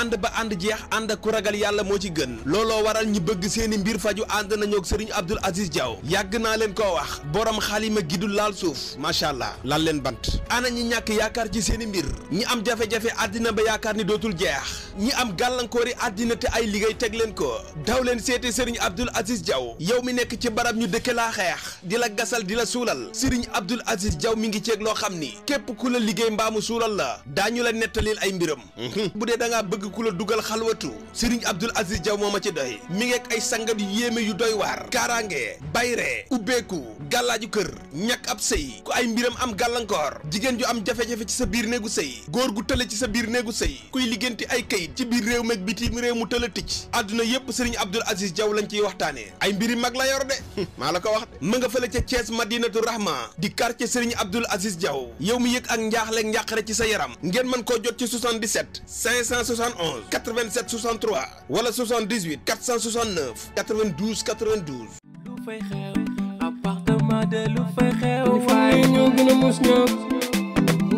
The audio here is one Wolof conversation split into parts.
ànd ba ànd jeex ànd ak ku ragal yàlla moo ci gën looloo waral ñi bëgg seeni mbir faju ànd nañoo ak Serigne Abdoul Aziz Diaw yàgg naa leen koo wax borom xalima gidul laal suuf macha allah laal leen bant ana ñi ñàkk yaakaar ci seeni mbir ñi am jafe-jafe àddina ba yaakaar ni dootul jeex ñi am gàllankoori àddina te ay liggéey teg leen ko daw leen seete Serigne Abdoul Aziz Diaw yow mi nekk ci barab ñu dëkke laa xeex di la gasal di la suulal Serigne Abdoul Aziz jaw mi ngi ceeg loo xam ni képp ku la liggéey mbaamu suulal la daañu la nettalil ay mbiram mhm. bëgg ku la dugal xalwatu Serigne Abdoul Aziz Diaw moo ma ci doy mi ngeek ay sangat yu yéeme yu doy waar kaaraange bayre ubbeeku gàllaaju kër ñàkk ab sëy ku ay mbiram am gàllankoor jigéen ju am jafe-jafe ci sa biir néegu sëy góor gu tële ci sa biir néegu sëy kuy liggéenti ay kayit ci biir réew meeg bitim réew mu tële ticc àdduna yépp Serigne Abdoul Aziz jaw lañ ciy waxtaanee ay mbiri mag la yor de maa la ko wax de ma nga fële ca Thiès Madinatu Rahma di quartier Serigne Abdoul Aziz yow mi yëg ak njaaxle njàqare ci sa yaram ngeen mën koo jot ci 77 560 891 87 63 wala 78 469 92 92. lu fay xew appartement de lu fay xew. fay ñoo gën mus ñëpp.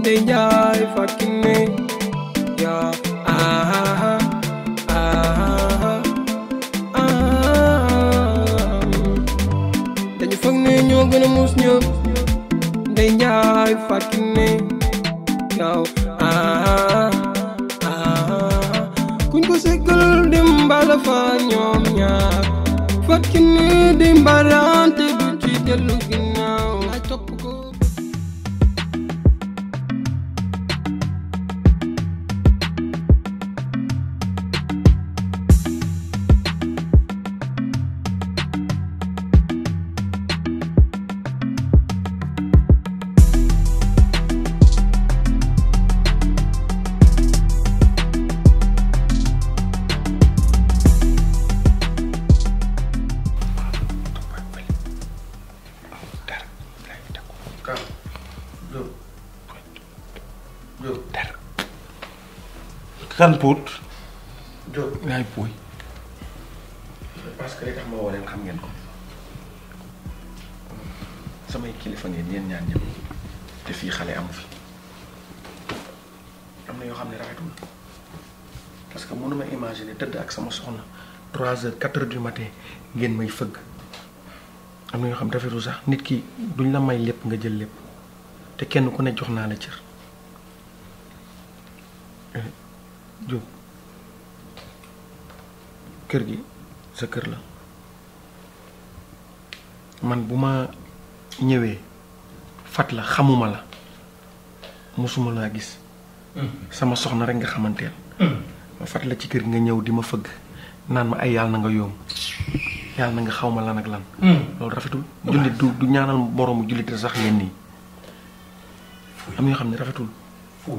ndey njaay fàkki ne ah ah ah ah, ah, ah. musikul di mbala fa ñoom minha, fakki ni di mbalante do ci dellu gi kan puut. Diop yaay puuy. parce que li tax ma woo leen xam ngeen ko samay kilifa ngeen yéen ñaan ñëpp te fii xale amu fi am na yoo xam ne rafetul parce que mënuma imaginer tëdd ak sama soxna trois heures quatre heures du matin ngeen may fëgg am na yoo xam rafetul sax nit ki duñ la may lépp nga jël lépp te kenn ku ne jox naa la cër. jo kër gi sa man buma ñëwé fat la xamuma la musuma la gis hmm. sama soxna rek nga xamantel ma fat la ci kër nga ñëw di ma fëgg naan ma ay yal na nga yóom yal na nga xawma lan ak hmm. lan lool rafetul jullit du du ñaanal borom jullit sax yenn ni am yoo xamni rafetul fu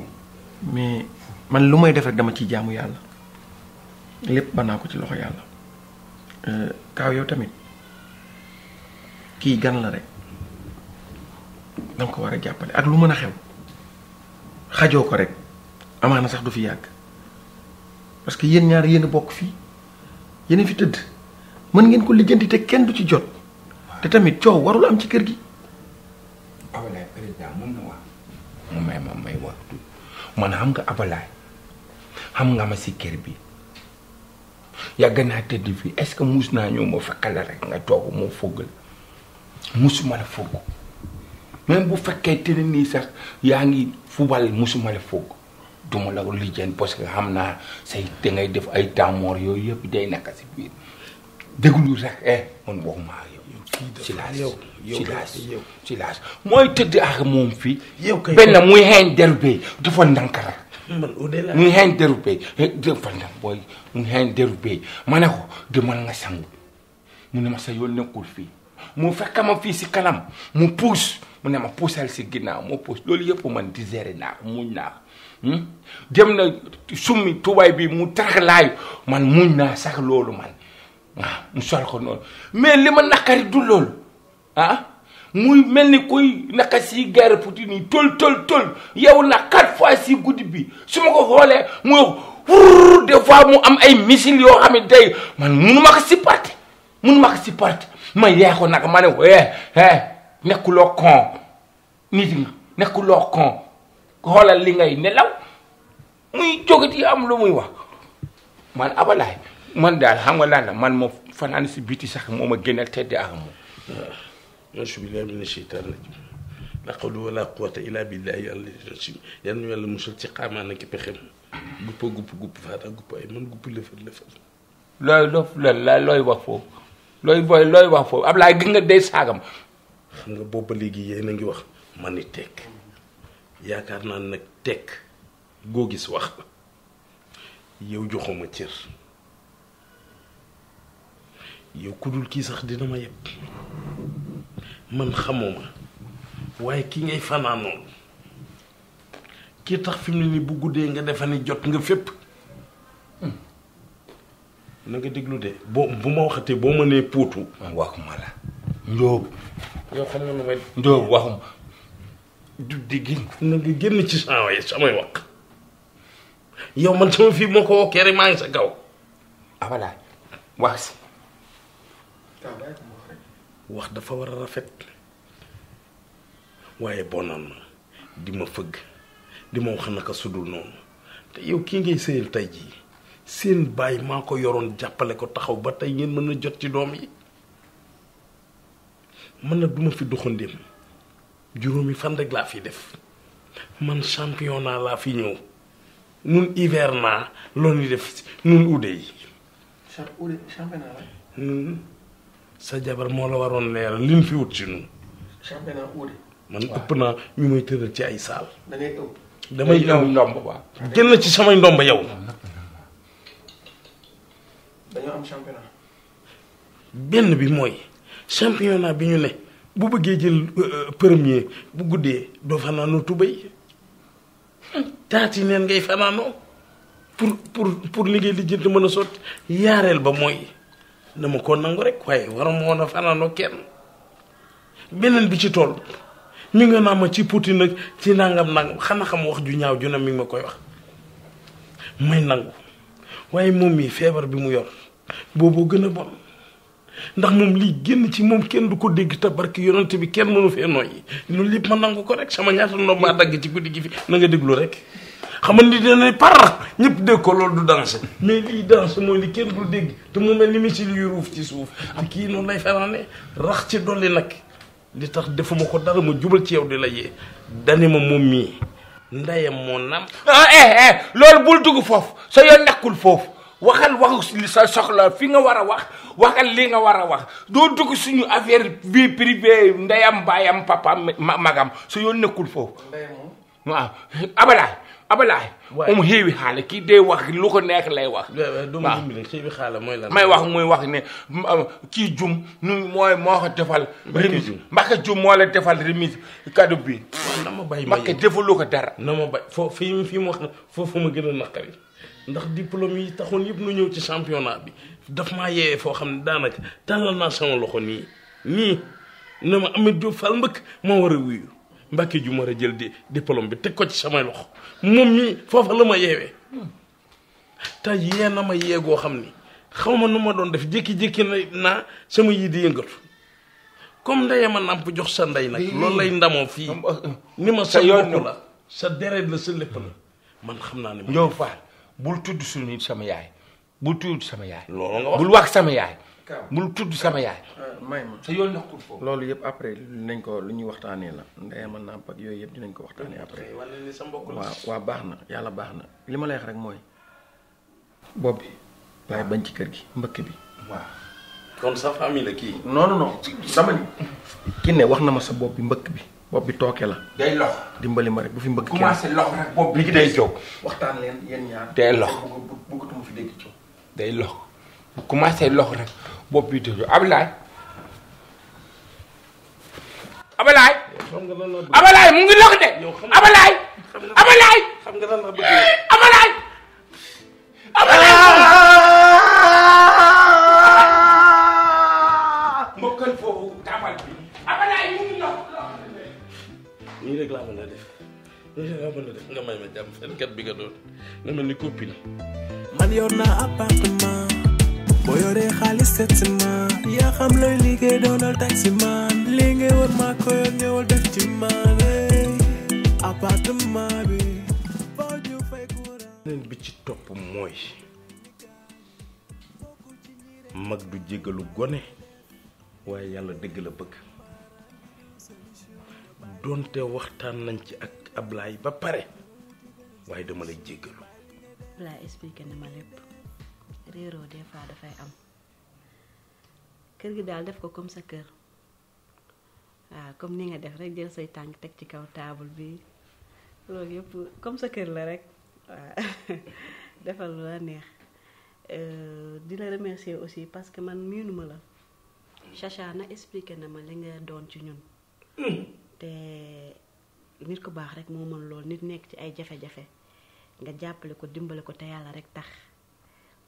mais man lu may def rek dama ciy jaamu yàlla lépp ba naa ko ci loxo yàlla euh, kaaw yow tamit kii gan la rek danga ko war a jàppale ak lu mën a xew xajoo ko rek amaana sax du fi yàgg parce que yéen ñaar yéen bokk fii yéen fi tëdd mën ngeen ko lijjanti te kenn du ci jot te tamit coow warul am ci kër gi abalaay président mën na xam nga ma si kër bi yàgg naa tëdd fii est-ce que mus naa ñëw ma fekk la rek nga toog moo fogg la musuma la fogg même bu fekkee te sax yaa ngi fubal musuma la fogg duma la lijjan parce que xam naa say te ngay def ay tàmmoor yooyu yëpp day nekk si sax eh man waxuma ak yow. moom fii. yow kay benn muy xeeñ derbe dafa nankaral. man au-delà mu ngi xeeñ deru béy fan la booy ngi xeeñ deru béy ma ne ko demal nga sangu mu ne ma sa yoon nekkul fii mu fekk ma fii si kanam mu puus mu ne ma puusal si ginnaaw mu puus loolu yëpp man di digéré naa ko muñ naa ko hmm? dem na summi tubaay bi mu tark laayu man muñ naa sax loolu man waaw ah, mu ko noonu mais li ma naqari du loolu ah muy mel ni koy naka si guerre Poutine yi tol tol tol yow la quatre fois si guddi bi su ma ko xoolee muy wur des fois mu am ay missiles yoo xam ne tey man munu ma ko supporter munu ma ko supporter ma yee ko nag ma ne eh eh nekkuloo con nit nga nekkuloo con xoolal li ngay nelaw muy jógati am lu muy wax man abalaay man daal xam nga lan la man ma fanaan si biti sax moo ma gën a tedd ak نعوذ بالله من الشيطان الرجيم لا قول ولا قوة إلا بالله الرجيم يعني يلا مش التقام أنا كيف خم غوب غوب غوب فاتا غوب أي من غوب لفل لفل لا لا لا لا لا يوافق لا يا كارنا man xamuma waaye ki ngay fanaanoon kii tax fi mu ne nii bu guddee nga defa ni jot nga fépp hmm. na nga déglu de boo bu ma waxatee boo ma nee puutu waxuma la njóob yow xam nga nu may njóob waxuma du digg na génn ci saa waay samay wax yow man sama fii moo ko wokkee rek maa ngi sa kaw ah, wax dafa war a rafet waaye bonoon na di ma fëgg di ma wax naka sudul noonu te yow kii ngay sëyal tey jii seen baay maa ko yoroon jàppale ko taxaw ba tey ngeen mën na jot ci doom yi man na duma fi doxandéem juróomi fan rek laa fi def man championnat laa fi ñëw nun hivernat loolu def nun ude yi sa jabar moo la waroon leeral li ñu fi wut ci ñun. championnat uude. man ëpp naa ñu may tëral ci ay saal. da damay ñëw ndomb jël na ci samay ndomb yow. dañoo am benn bi mooy championnat bi ñu ne bu bëggee jël euh, euh, premier bu guddee doo fanaanoo tubéy taati neen ngay fanaanoo pour pour pour liggéey li jënd mën a sotti yaareel ba mooy. na ko nangu rek waaye war ma woon a fanaanoo kenn beneen bi ci tool mi nga naa ma ci Poutine nag ci nangam nangam xanaa xam wax ju ñaaw ju ne mi ngi ma koy wax may nangu waaye moom mii feebar bi mu yor boobu gën a bon ndax moom lii génn ci moom kenn du ko dégg tabarki yonent bi kenn mënu fee nooy yi loolu lépp ma nangu ko rek sama ñaata ndoom maa dagg ci guddi gi fi na nga déglu rek xamandi nga ni par ñep de ko lool du danse mais li danse moy li kenn du dégg te mu mel ni mi ci li ruuf ci suuf ak ah, kii noonu lay fanaane rax ci dolli nak li tax defuma ko dara ma jubal ci yow di la yee dani ma moom mii ndeyam moo nam ah eh eh loolu bul dugg foofu sa yoon nekkul fof waxal waxu sa soxla fi nga wara wax waxal li nga wara wax do dug suñu affaire bi privé ndayam bayam papa magam sa yoon nekkul foofu waaw abalaay abalaay moom um xéewi xaala kii day wax lu ko neex lay wax waaw xéewi xaala mooy lan may wax muy wax ne kii jum mooy moo ko defal remise mbaka jum moo la defal remise kàddu bi na ma bay mbaka defalu ko dara na ma bay foo fi fi mu wax foofu ma gën a naqari ndax diplôme yi taxoon yëpp nu ñëw ci championnat bi daf ma yee foo xam ne daanaka tàllal naa sama loxo nii nii na ma Ameth Diop fal mbëkk moo war a wuyu Mbacke ju mar a jël di diplôme bi teg ko ci samay loxo moom mi foofa la ma yeewee te yee na ma yeegoo xam ni xaw ma nu ma doon def jékki-jékki naa sama yii di yëngatu comme ndeye ma nàmp jox sa ndey nag loolu lay ndamoo fii ni ma sa bopp la sa deret la sa lépp la man xam naa ne. Ndiol Fall bul tudd suñu sama yaay bul tudd sama yaay. loolu nga wax bul wax sama yaay. mul tudd sama yaay ah, may ma sa yoon nekkul foofu loolu yëpp après dinañ ko lu ñuy waxtaanee la ndey a nàmp ak yooyu yëpp dinañ ko waxtaanee après waaw waaw baax na yàlla baax na li ma lay wax rek mooy bopp bi bàyyi bañ ci kër gi mbëkk bi waaw kon sa famille la kii non non sama ni ki ne wax na ma sa bopp bi mbëkk bi bopp bi tooke la day lox dimbali ma rek bu fi mbëkk commencé lox rek bopp bi day coow waxtaan leen yéen ñaar day lox bëggatuma fi dégg ci day lox bu commencé lox rek bopp bi tëju Ablaay Ablaay Ablaay mu ngi lox de Ablaay Ablaay Ablaay Ablaay mbokkal foofu taabal bi Ablaay mu ngi lox nii rek laa mën a def nii rek laa mën a def nga may ma jàmm fenkat bi nga doon nga mel ni copine man yor naa appartement boo yoree xaalis seet si ma yaa xam looy liggéey doonal taxi man lii ngay war maa ko yor ñëwal ci man eh. appartement bi bi ci topp mooy mag du jégalu gone waaye yàlla dëgg la bëgg doonte waxtaan nañ ci ak Ablaye ba pare waaye dama lay jégalu réeroo des fois dafay am kër gi daal def ko comme sa kër waaw comme ni nga def rek jël say tànk teg ci kaw taabul bi loolu yëpp comme sa kër la rek waaw defal lu la neex euh, di la remercier aussi parce que man miinuma la Chacha na expliqué na ma li nga doon ci ñun te nit ku baax rek moo mën loolu nit nekk ci ay jafe-jafe nga jàppale ko dimbale ko te yàlla rek tax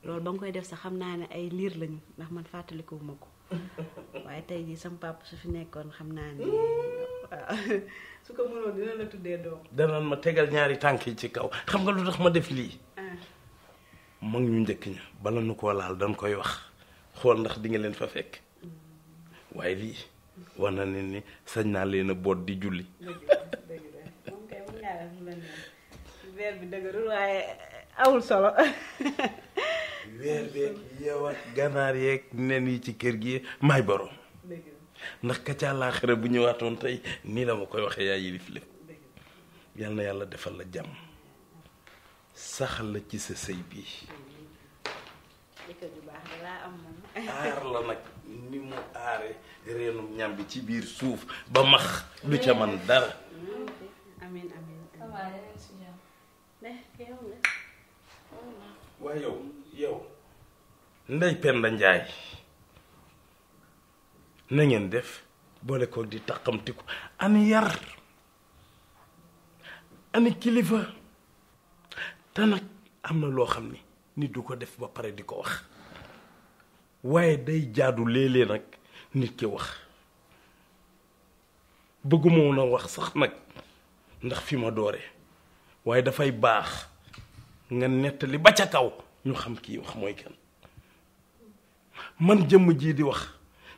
loolu ba nga koy def sax xam naa ne ay liir lañu ndax man fàttalikuwuma ko waaye tey jii sama papa su fi nekkoon xam naa ne su ko mënoon dina la tuddee doom. danañ ma tegal ñaari tànk yi ci kaw xam nga lu tax ma def lii. Ah. mag ñu njëkk ña bala nu koo laal dañ koy wax xool ndax di nga leen fa fekk mm. waaye lii war na ne ni sañ naa leen a boot di julli. dëgg la dëgg la moom kay bi dëgërul waaye eh, awul solo. weer beeg yow ganaar yeeg nen yi ci kër gi may borom ndax ka ca àllaaxira bu ñëwaatoon tey nii la ma koy waxee yaa yilif lépp yal yàlla defal la jàmm sax la ci sa sëy bii aar la nag ni mu aare reenu ñam ci biir suuf ba max du ca man dara ndey Penda Njaay na ngeen def boole ko di taqamtiku ani yar ani kilifa te am na loo xam ni nit du ko def ba pare di ko wax waaye day jaadu léeg-léeg nag nit ki wax bëgguma woon a wax sax nag ndax fi ma doore waaye dafay baax nga nettali ba ca kaw ñu xam kii wax mooy kenn man jëm ji di wax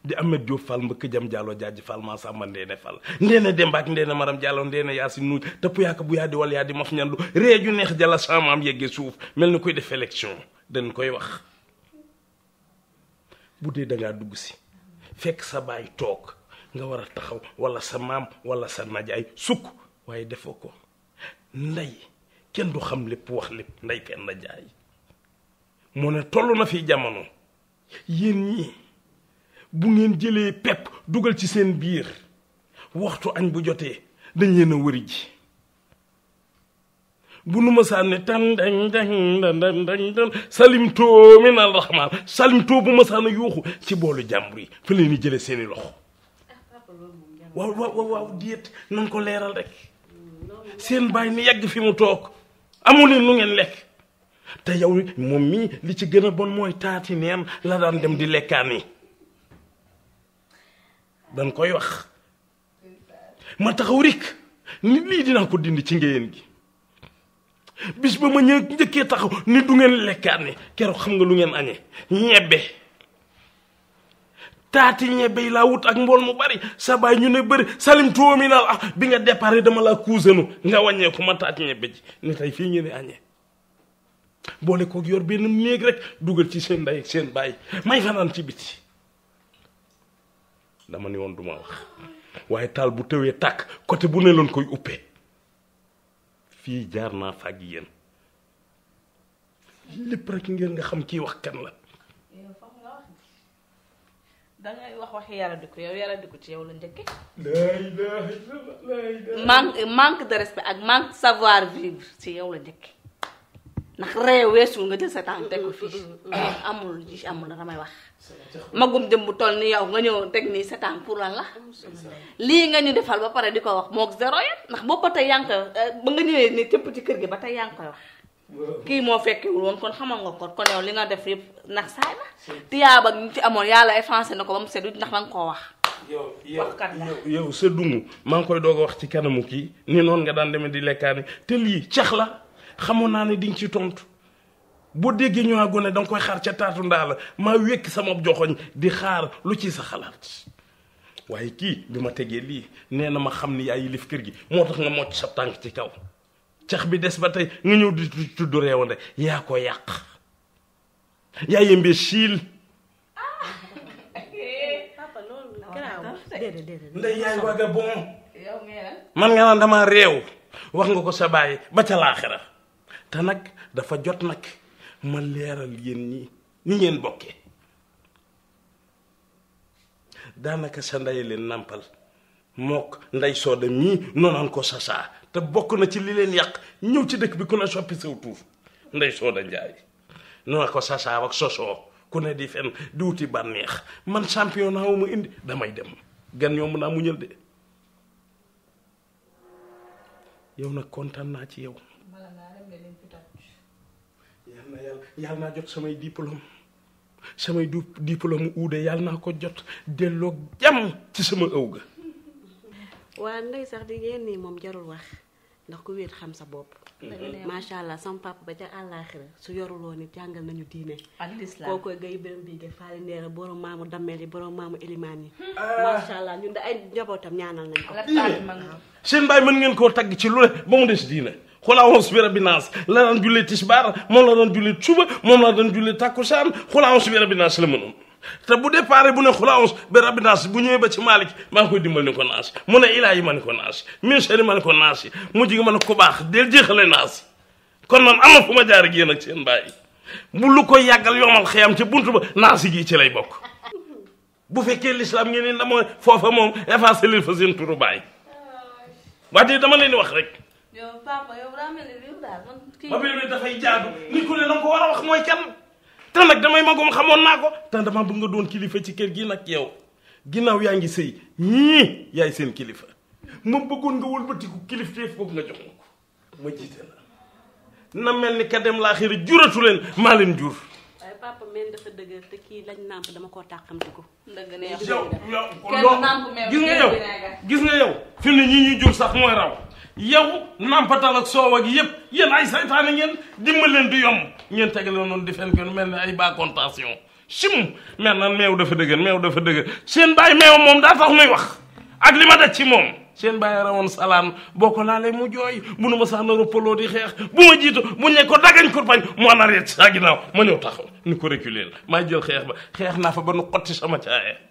di Amet Diop Fall mbeuk jam jallo jaji Fall ma sama ndene Fall ndene dem bak ndene maram jallo ndene yasin si nuuj tëpp yaaka bu ya di wal ya di maf ñandu ree neex jala samam yegge suuf melni koy def election dañ koy wax budé da nga dugg si fekk sa bay tok nga wara taxaw wala sa mam wala sa najay suk waye defoko nday ndey kenn du xam lepp wax lepp nday kenn najay mo ne tollu na fi jamono yéen ñi bu ngeen jëlee pepp dugal ci seen biir waxtu añ bu jotee dañ leen a wëri ji bu nu ma sànni tan dañ dañ dañ dañ dañ salimtoo min na rahmaan salimtoo bu ma sànni yuuxu ci boolu jàmbur yi fa leen di jëlee seeni loxo waaw waaw waaw diet ko leeral rek seen bàyyi ni yàgg fi mu toog amu leen lu ngeen lekk te yow moom mii li ci gën a bon mooy taati neen la daan dem di lekkaani dañ koy wax ma taxaw rek ni lii dinaa ko dindi ci ngéyeen gi bis ba ma ñë njëkkee taxaw ni du ngeen lekkaani keroog xam nga lu ngeen añee ñebbe taati ñebbe yi laa wut ak mbool mu bari sa baay ñu ne bëri salim tuumi naa la ah, bi nga déparé dama laa kuusanu nga wàññeeku ma taati ñebbe ji ne tey fii ngeen di añee boole kook yor benn néeg rek dugal ci seen ndey seen baay may fanaan ci biti dama ni woon duma wax waaye taal bu tëwee tàkk côté bu ne loon koy uppee fii jaar naa fa ak yéen lépp rek ngeen nga xam kii wax kan la dangay wax wax yaradiku yow yaradiku ci yow la njëkke manque manque de respect ak manque savoir vivre ci yow la njëkke ndax ree weesu nga jël sa tànk teg ko fii mm, mm, mm, eh, amul ji amul la damay wax magum jëm bu toll ni yow nga ñëw teg nii sa tànk pour lan la lii nga ñu defal ba pare di ko wax moog zéro yam ndax boobu ba tey yaa eh, nga ñëwee ni tépp ci kër gi ba tey yaa koy wax kii moo fekkewul woon kon xamal nga kot kon yow li nga def yëpp ndax saay na tiyaaba ñu ci amoon yàlla effacé na ko ba mu seddu ndax danga koo wax yow yow sa dungu maa ngi koy doog wax ci kanamu kii ni noonu nga daan demee di lekkaani te lii cax la xamoon naa ne di nga ci tontu boo déggee ñu gone danga koy xaar ca taatu ndaa la maa wékk sama joxoñ di xaar lu ciy sa xalaat waaye kii bi ma tegee lii nee na ma xam ni yaa yilif kër gi moo tax nga mocc sa tànk ci kaw cax bi des ba tey nga ñëw di tudd réewande yaa ko yàq yaa yëmbee siil ndey yaay waga bon man nga naan dama réew wax nga ko sa bàyyi ba ca laaxira te nag dafa jot nag ma leeral yéen ñi ni ngeen bokkee daanaka sa ndey leen nàmpal mook ndey sooda mii noonaan ko sasaa te bokk na ci li leen yàq ñëw ci dëkk bi ku ne soppi saw tuuf ndey sooda njaay noona ko sasaa ak sosoo ku ne di fen di wuti bànneex man champion naa ma indi damay dem gan yomb naa muñal de yow nag kontaan naa ci yow yàlla naa jot samay diplôme samay diplôme uude yàlla naa ko jot delo jam ci sama ëw ga ndey sax di ngeen ni mom jarul wax ndax ku wéet xam sa mm-hmm. ma sha allah sama papa ba ca alakhir su yorulo ni jangal nañu diine ak lislaam koo koy gay bërëm bii gay faali ndeera borom maamu dammeel borom maamu elimani ah. ma sha allah ñun da ay njabootam ñaanal nañ ko seen bay mën ngeen ko tag ci lu ne ba dess diine xulaawam si bi rabbi naas la daan jullee tisbaar moom la daan jullee suba moom la daan jullee takkusaan bi rabbi naas la mënoon te bu départ bu ne xulaawus bi rabbi naas bu ñëwee ba ci maalik maa ngi koy dimbal ni ko naas mu ne ilaa yi ma ni ko ma ko naas yi mu jigi ma ne ko baax del jeexale naas kon man ama na fu ma jaar ak yéen ak seen bàyyi bu lu ko yàggal yomal xeyam ci buntu ba naas gi ci lay bokk bu fekkee l'islam ngeen ni dama foofa moom effacé leen fa seen turu bàyyi wax dëgg dama leen di wax rek yow papa ba dafay jaadu nit ku ne la nga ko war a wax mooy kan. te nag damay magom xamoon naa ko te dama bëgg nga doon kilifa ci kër gi nag yow ginnaaw yaa ngi sëy ñii yaay seen kilifa moom bëggoon nga wëlbatiku kilifteef boobu nga jox ma ko ma jiite la na mel ni ka dem laa xëy juratu leen maa leen jur. papa men dafa dëgër te kii lañ nàmp dama koo tàqamti ko. dëgg la yow gis nga yow gis nga yow. fi ne ñi ñuy jur sax mooy raw yow nàmpatal ak soow ak yëpp yéen ay saytaane ngeen dimbali leen di yomb ngeen tegale noonu di fen kenn mel ne ay bas contention sim mel na meew dafa dëgër meew dafa dëgër seen bàyyi meew moom daa tax muy wax ak li ma daj ci moom. seen bàyyi rawoon salaan boo ko laalee mu jooy munu ma sax na roppaloo di xeex bu ma jiitu buñ ne ko a ko bañ mu en arrière saa ginnaaw ma ñëw taxaw ni ko reculer la maa jël xeex ba xeex naa fa ba nu xotti sama caaye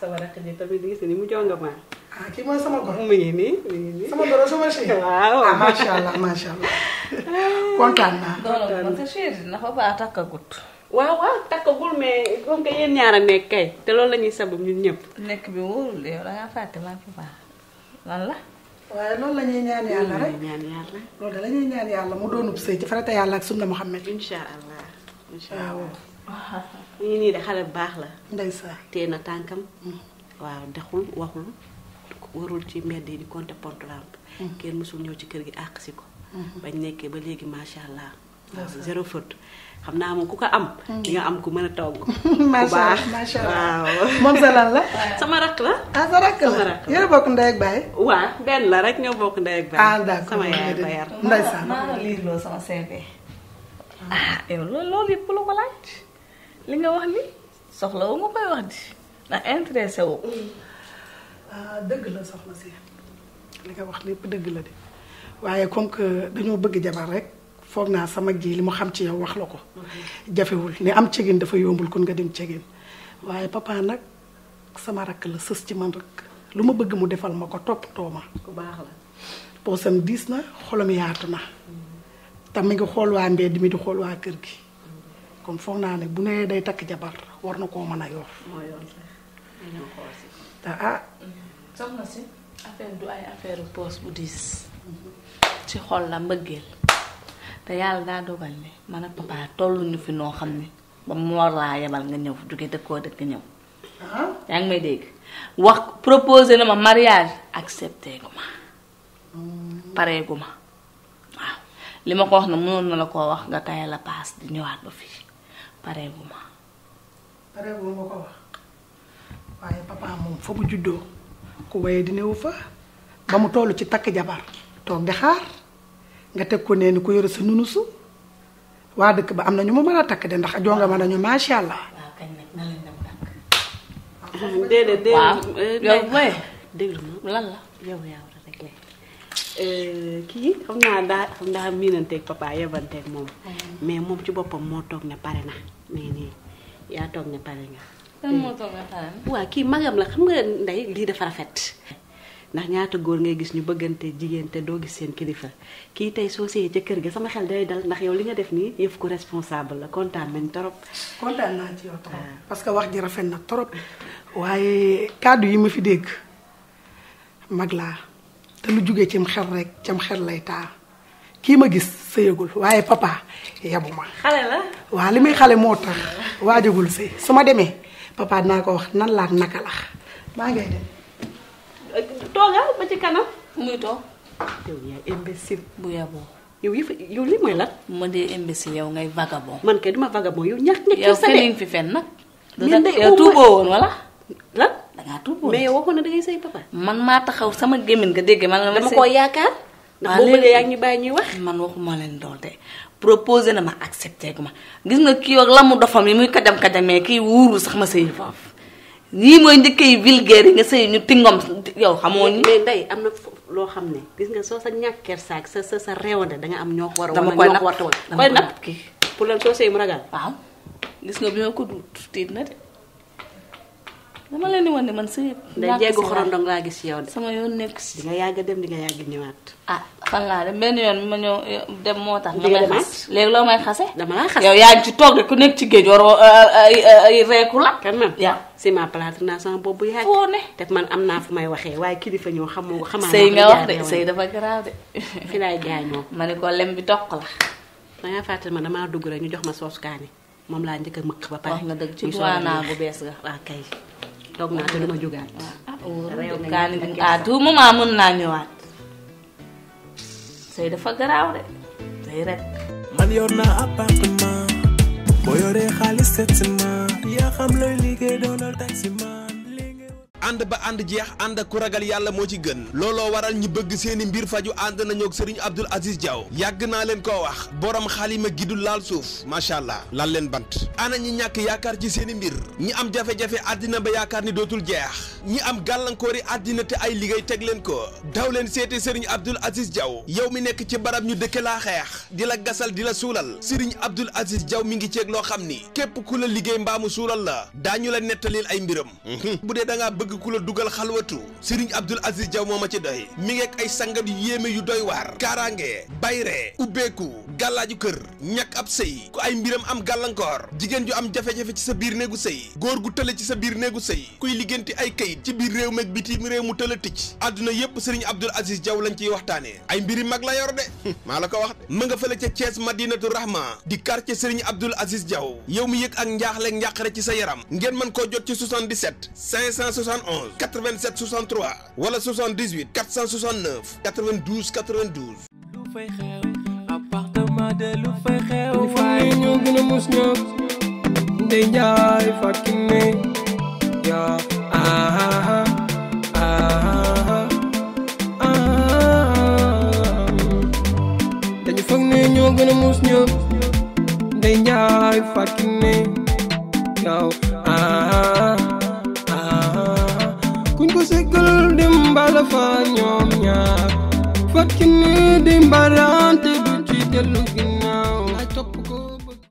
sama rakyatnya tapi di sini mu coba nggak mah Aki mah sama gue ini, ini, sama doro sama sih wow ah, masya ah. ya, hmm, eh. ya, Allah masya Allah kontan nah kontan sih nah apa atak kagut wow, waaw takkagul mais me que kayaknya ñaara nekk kay te loolu la ñuy sabab ñun ñëpp nekk bi wóorul yow da ngaa fàtte laa fi baax lan la waaye loolu la ñuy ñaan yàlla rek ñaan yàlla loolu muhammad insha allah insha allah ñu nii de xale bu baax la. ndeysaan tee na tànkam. Mm. waaw dexul waxul warul ci mbedd yi di compter pont lampe. Mm. kenn mësul ñëw ci kër gi àkk si ko. Mm-hmm. bañ nekkee ba léegi macha allah. zéro faute xam naa moom ku ko am. Mm. di nga am ku mën a togg. macha allah moom sa lan la. sama rakk la. ah sa rakk la sama rakk la yéen a bokk ndey ak baay. waaw benn la rek ñoo bokk ndey ak baay. Ah, sama yaay ba yar. ndeysaan maa ngi liir loo sama CV. ah yow loolu yëpp ku la laaj. li nga wax li soxla wu nga koy wax di ndax intéressé mm. ah, dëgg la soxna si li nga wax lépp dëgg la de waaye comme que dañoo bëgg jabar rek foog naa sama ji li mu xam ci yow wax la ko. Mm-hmm. jafewul ni am cegin dafa yombul kon nga dem cegin waaye papa nag sama rakk la sës ci man rek lu ma bëgg mu defal ma ko toppatoo ma. ku baax la diis na xolam yaatu na. Mm-hmm. tam mi ngi xool waa mbedd mi di xool waa kër gi. kon foog naa ne bu nee day takk jabar war na koo mën a yor. moo yor te ah. soxna si affaire du ay affaire poos bu diis ci xol la mbëggeel te yàlla daa dogal ne man ak papa ñu fi noo xam ne ba mu war laa yebal nga ñëw jóge dëkkoo dëkk ñëw. Ah. yaa ngi may dégg wax proposé na ma mariage accepté gu ma mm. pareegu ma waaw li ma ko wax na mënoon na la koo wax nga tayal la di ñëwaat ba fii. pareegu ma. ko wax waaye papa moom fa bu juddoo ku waye di newu fa ba mu toll ci takk jabar toog di xaar nga teg ko nee ni ku yore sa nunusu waa dëkk ba am na ñu mu mën a takk de ndax jonga ma nañu macha allah. déedéet déedéet yow mooy Eh, kii xam naa daa xam daa miinanteeg papa yebanteeg moom. mais mom. ci eh. ne na mais ya ne nga. Mm. magam la xam nga dafa rafet. ndax ñaata ngay gis ñu bëggante jigen te do gis seen kilifa ki tay kër ga sama xel day dal ndax yow li nga def ni yef ko responsable la contane nañ torop contane na ci yow torop ah. parce que wax ji rafet na torop waye cadeau yi ma fi dégg magla te lu jugee cim xel rek cam xel lay taal kii ma gis sëyagul waaye papa yabu ma. xale la. waa li muy xale moo tax waajagul si su ma demee papa dinaa ko wax nan laa naka la maa ngay dem. toogal ba ci kanam muy toog. yow yaay imbécile bu yaboo. yow yi fa yow lii mooy lan. ma dee imbécile yow ngay man kay duma vagabond yow ñàkk fi fen nag. tuuboo woon wala lan. da ngaa tuuboon mais waxoon na da ngay sëy papa. man maa taxaw sama gémmiñ nga dégg man. dama koo yaakaar. ndax boo bëggee yaa ngi ñu bàyyi ñuy wax. man waxuma leen doon de proposé na ma accepté gu ma gis nga kii ak lamu dofam yi muy kajam kajamee kii wuuru sax ma sëy foofu. yii mooy njëkk yi vulgaire yi nga sëy ñu tingom yow xamoo ñu. mais ndey am na loo xam ne gis nga soo sa ñàkk kersaak sa sa sa réewante da nga am ñoo ko war a. dama koy napp dama koy napp kii. pour lan soo sëy mu ragal. waaw gis nga bi ko duut tiit na de dama leen di wane man sa yëpp. day jéegu xorondong laa gis yow de. sama yoon nekk si. di nga yàgg dem di nga yàgg ñëwaat. ah fan laa dem benn yoon ma ñëw dem moo tax. nga may xas léegi loo may xase. dama laa xase yow yaa ngi ci toog ku nekk ci géej ay reeku la. kan man yaa si ma plâtre naa sama boobu yàgg. Ya. foo ne eh? te man am naa fu may waxee waaye kilifa ñoo xamoo ko. xamaa sëy nga wax de sëy dafa garaaw de. fi laay gaañoo. ma ne ko lem bi toq la. da ngaa fàttali ma damaa dugg rek ñu jox ma soos kaani moom laa njëkk a mëkk ba pare. wax nga dëgg ci bu bees ga waaw kay toog naa te duma jógaat. réew mi naa ñëwaat. sëy dafa garaaw de rek. man yor naa appartement boo xaalis seet ma yaa xam looy liggéey doonal taxi ma. Anda ba and jeex and ku ragal yalla mo ci gën lolo waral ñu bëgg seeni mbir faju and nañoo ak Serigne abdul Aziz Diaw yag na len ko wax borom khalima gidul lal suuf machallah allah len bant ana ñi ñak yaakar ci seeni mbir ñi am jafe-jafe adina ba yaakar ni dotul jeex ñi am galankori adina te ay ligay teg len ko daw len sété Serigne abdul Aziz Diaw yow mi nekk ci barab ñu dëkke la xex dila gasal dila sulal. Serigne abdul Aziz Diaw mi ngi ci ak lo xamni kep ku la ligay mbaamu sulal la dañu la netalil ay mbiram budé da nga bëgg ku la dugal xalwatu Serigne Abdoul Aziz Diaw moo a ci doy mi ngi ak ay sangat yu yéeme yu doy waar kaaraange bayre ubbeeku gàllaaju kër ñàkk ab sëy ku ay mbiram am gàllankoor jigéen ju am jafe-jafe ci sa biir néegu sëy góor gu tële ci sa biir néegu sëy kuy liggéenti ay kayit ci biir réew meeg bitim réew mu tëla ticc àdduna yépp Serigne Abdoul Aziz Diaw lañ ciy waxtaanee ay mbiri mag la yor de maa la ko wax de nga fële ca Thiès Madinatu Rahma di quartier Serigne Abdoul Aziz Diaw yow mi yëg ak njaaxle njàqare ci sa yaram ngeen mën koo jot ci 77 560 71 87 63 wala 78 469 92 92. lu fay xew appartement de lu fay xew. fay ñoo gën mus ñoo. Ndeye Ndiaye Fatou Kiné ah ah ah, ah ah ah dañu foog ñoo gën mus ñoo. Ndeye Ndiaye Fatou Kiné balafa nñom nñak fakkini di barante du citellugin